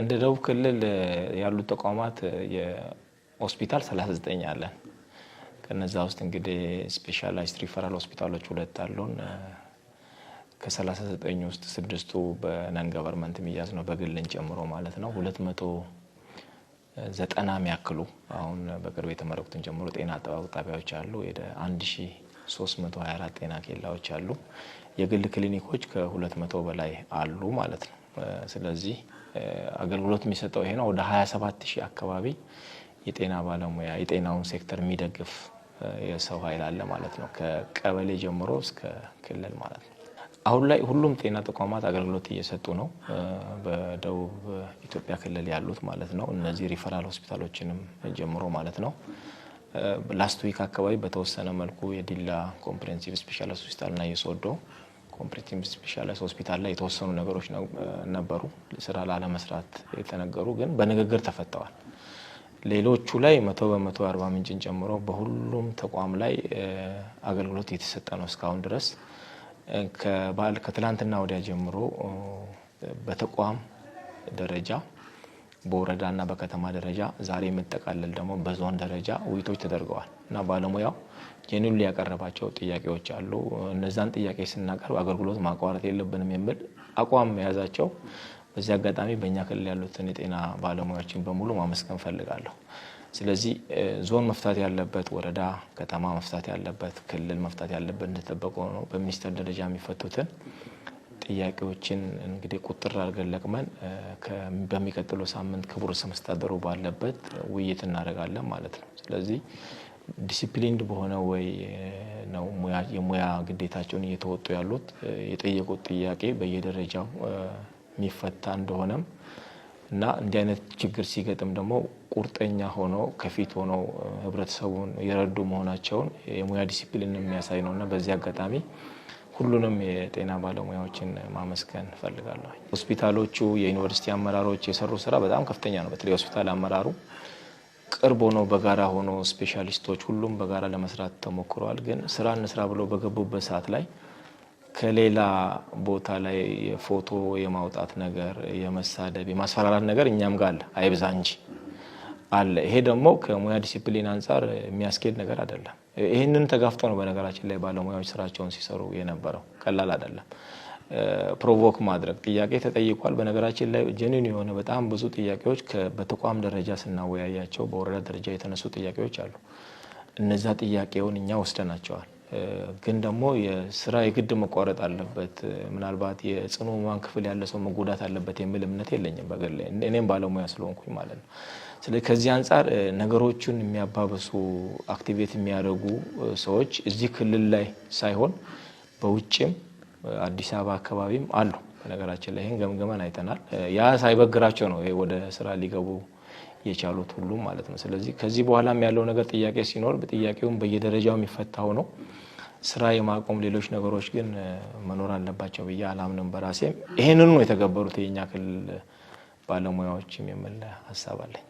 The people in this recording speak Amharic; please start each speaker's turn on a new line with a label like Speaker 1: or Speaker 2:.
Speaker 1: እንደ ደቡብ ክልል ያሉት ተቋማት የሆስፒታል 39 አለን። ከነዛ ውስጥ እንግዲህ ስፔሻላይዝድ ሪፈራል ሆስፒታሎች ሁለት አሉን። ከ39 ውስጥ ስድስቱ በነን ገቨርንመንት የሚያዝ ነው በግልን ጨምሮ ማለት ነው። 290 መቶ የሚያክሉ አሁን በቅርብ የተመረቁትን ጨምሮ ጤና አጠባበቅ ጣቢያዎች አሉ። ወደ 1324 ጤና ኬላዎች አሉ። የግል ክሊኒኮች ከ200 በላይ አሉ ማለት ነው። ስለዚህ አገልግሎት የሚሰጠው ይሄ ነው። ወደ 27 ሺህ አካባቢ የጤና ባለሙያ የጤናውን ሴክተር የሚደግፍ የሰው ኃይል አለ ማለት ነው። ከቀበሌ ጀምሮ እስከ ክልል ማለት ነው። አሁን ላይ ሁሉም ጤና ተቋማት አገልግሎት እየሰጡ ነው። በደቡብ ኢትዮጵያ ክልል ያሉት ማለት ነው። እነዚህ ሪፈራል ሆስፒታሎችንም ጀምሮ ማለት ነው። ላስት ዊክ አካባቢ በተወሰነ መልኩ የዲላ ኮምፕሬንሲቭ ስፔሻል ሆስፒታልና የሶዶ ኮምፕሬቲቭ ስፔሻላይዝ ሆስፒታል ላይ የተወሰኑ ነገሮች ነበሩ ስራ ላለመስራት የተነገሩ ግን በንግግር ተፈተዋል። ሌሎቹ ላይ መቶ በመቶ አርባ ምንጭን ጨምሮ በሁሉም ተቋም ላይ አገልግሎት እየተሰጠ ነው። እስካሁን ድረስ ከትላንትና ወዲያ ጀምሮ በተቋም ደረጃ በወረዳና በከተማ ደረጃ ዛሬ የምጠቃለል ደግሞ በዞን ደረጃ ውይይቶች ተደርገዋል እና ባለሙያው ጄኒን ያቀረባቸው ጥያቄዎች አሉ። እነዛን ጥያቄ ስናቀርብ አገልግሎት ማቋረጥ የለብንም የሚል አቋም መያዛቸው በዚህ አጋጣሚ በእኛ ክልል ያሉትን የጤና ባለሙያዎችን በሙሉ ማመስገን ፈልጋለሁ። ስለዚህ ዞን መፍታት ያለበት ወረዳ፣ ከተማ መፍታት ያለበት ክልል መፍታት ያለበት እንደተጠበቀ ነው። በሚኒስቴር ደረጃ የሚፈቱትን ጥያቄዎችን እንግዲህ ቁጥር አድርገን ለቅመን በሚቀጥለው ሳምንት ክቡር ርዕሰ መስተዳድሩ ባለበት ውይይት እናደርጋለን ማለት ነው። ስለዚህ ዲሲፕሊንድ በሆነ ወይ ነው የሙያ ግዴታቸውን እየተወጡ ያሉት። የጠየቁት ጥያቄ በየደረጃው የሚፈታ እንደሆነም እና እንዲህ አይነት ችግር ሲገጥም ደግሞ ቁርጠኛ ሆኖ ከፊት ሆኖ ህብረተሰቡን የረዱ መሆናቸውን የሙያ ዲሲፕሊን የሚያሳይ ነው እና በዚህ አጋጣሚ ሁሉንም የጤና ባለሙያዎችን ማመስገን እፈልጋለሁ። ሆስፒታሎቹ፣ የዩኒቨርሲቲ አመራሮች የሰሩ ስራ በጣም ከፍተኛ ነው። በተለይ ሆስፒታል አመራሩ ቅርብ ሆኖ በጋራ ሆኖ ስፔሻሊስቶች ሁሉም በጋራ ለመስራት ተሞክረዋል። ግን ስራ እንስራ ብሎ በገቡበት ሰዓት ላይ ከሌላ ቦታ ላይ የፎቶ የማውጣት ነገር፣ የመሳደብ የማስፈራራት ነገር እኛም ጋር አለ። አይብዛ እንጂ አለ። ይሄ ደግሞ ከሙያ ዲሲፕሊን አንጻር የሚያስኬድ ነገር አይደለም። ይህንን ተጋፍጦ ነው በነገራችን ላይ ባለሙያዎች ስራቸውን ሲሰሩ የነበረው። ቀላል አይደለም። ፕሮቮክ ማድረግ ጥያቄ ተጠይቋል። በነገራችን ላይ ጀኒን የሆነ በጣም ብዙ ጥያቄዎች በተቋም ደረጃ ስናወያያቸው በወረዳ ደረጃ የተነሱ ጥያቄዎች አሉ። እነዛ ጥያቄውን እኛ ወስደናቸዋል። ግን ደግሞ የስራ የግድ መቋረጥ አለበት፣ ምናልባት የጽኑ ህሙማን ክፍል ያለ ሰው መጎዳት አለበት የሚል እምነት የለኝም በግሌ እኔም ባለሙያ ስለሆንኩኝ ማለት ነው። ስለዚህ ከዚህ አንጻር ነገሮቹን የሚያባበሱ አክቲቬት የሚያደርጉ ሰዎች እዚህ ክልል ላይ ሳይሆን በውጭም አዲስ አበባ አካባቢም አሉ። በነገራችን ላይ ይህን ገምገመን አይተናል። ያ ሳይበግራቸው ነው ወደ ስራ ሊገቡ የቻሉት ሁሉ ማለት ነው። ስለዚህ ከዚህ በኋላም ያለው ነገር ጥያቄ ሲኖር ጥያቄውም በየደረጃው የሚፈታው ነው። ስራ የማቆም ሌሎች ነገሮች ግን መኖር አለባቸው ብዬ አላምንም። በራሴም ይህንኑ ነው የተገበሩት የኛ ክልል ባለሙያዎችም የሚል ሀሳብ አለኝ።